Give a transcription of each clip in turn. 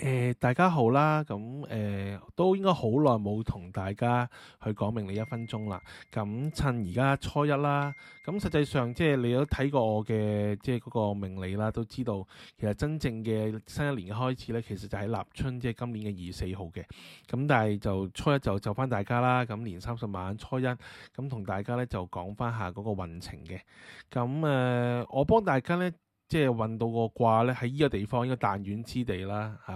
誒、呃，大家好啦，咁、呃、誒都應該好耐冇同大家去講命理一分鐘啦。咁、嗯、趁而家初一啦，咁、嗯、實際上即係你都睇過我嘅即係嗰個命理啦，都知道其實真正嘅新一年嘅開始咧，其實就喺立春，即係今年嘅二月四號嘅。咁、嗯、但係就初一就就翻大家啦，咁、嗯、年三十晚初一，咁、嗯、同大家咧就講翻下嗰個運程嘅。咁、嗯、誒、呃，我幫大家咧。即係揾到個卦咧，喺依個地方依個彈丸之地啦嚇，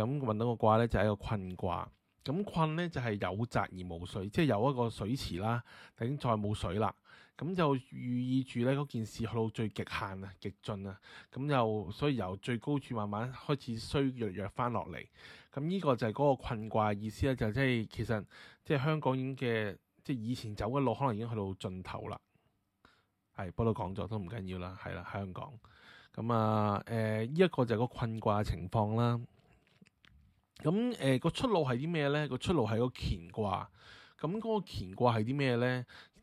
咁、啊、揾、嗯、到個卦咧就係、是、一個困卦。咁、嗯、困咧就係、是、有澤而無水，即係有一個水池啦，但已經再冇水啦。咁、嗯、就寓意住咧嗰件事去到最極限啊、極盡啊。咁、嗯、就，所以由最高處慢慢開始衰弱弱翻落嚟。咁、嗯、呢、這個就係嗰個困卦意思咧，就是、即係其實即係香港已經嘅即係以前走嘅路可能已經去到盡頭啦。係不過講座都唔緊要啦，係啦，香港咁、嗯、啊，誒、呃，依一個就係個困卦嘅情況啦。咁、嗯、誒，個、呃、出路係啲咩咧？個出路係個乾卦。咁、嗯、嗰、那個乾卦係啲咩咧？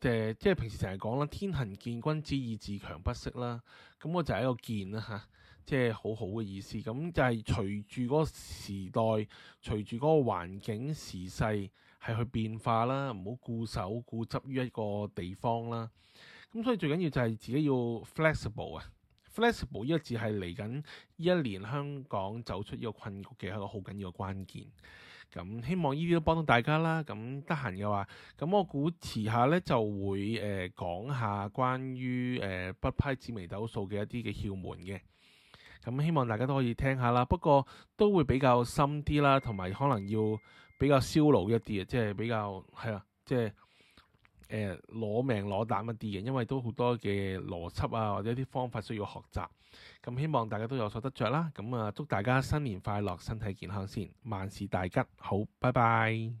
誒、就是，即、就、係、是、平時成日講啦，天行健，君子以自強不息啦。咁、嗯、我就喺個健啊吓，即、就、係、是、好好嘅意思。咁、嗯、就係隨住嗰個時代，隨住嗰個環境時勢係去變化啦，唔好固守固執於一個地方啦。咁、嗯、所以最緊要就係自己要 flexible 啊，flexible 呢個字係嚟緊一年香港走出呢個困局嘅一個好緊要嘅關鍵。咁、嗯、希望呢啲都幫到大家啦。咁得閒嘅話，咁、嗯、我估遲下咧就會誒、呃、講下關於誒、呃、北派紫微斗數嘅一啲嘅竅門嘅。咁、嗯、希望大家都可以聽下啦。不過都會比較深啲啦，同埋可能要比較燒腦一啲嘅，即、就、係、是、比較係啊，即、就、係、是。誒攞、呃、命攞膽一啲嘅，因為都好多嘅邏輯啊，或者一啲方法需要學習。咁、嗯、希望大家都有所得着啦。咁、嗯、啊，祝大家新年快樂，身體健康先，萬事大吉。好，拜拜。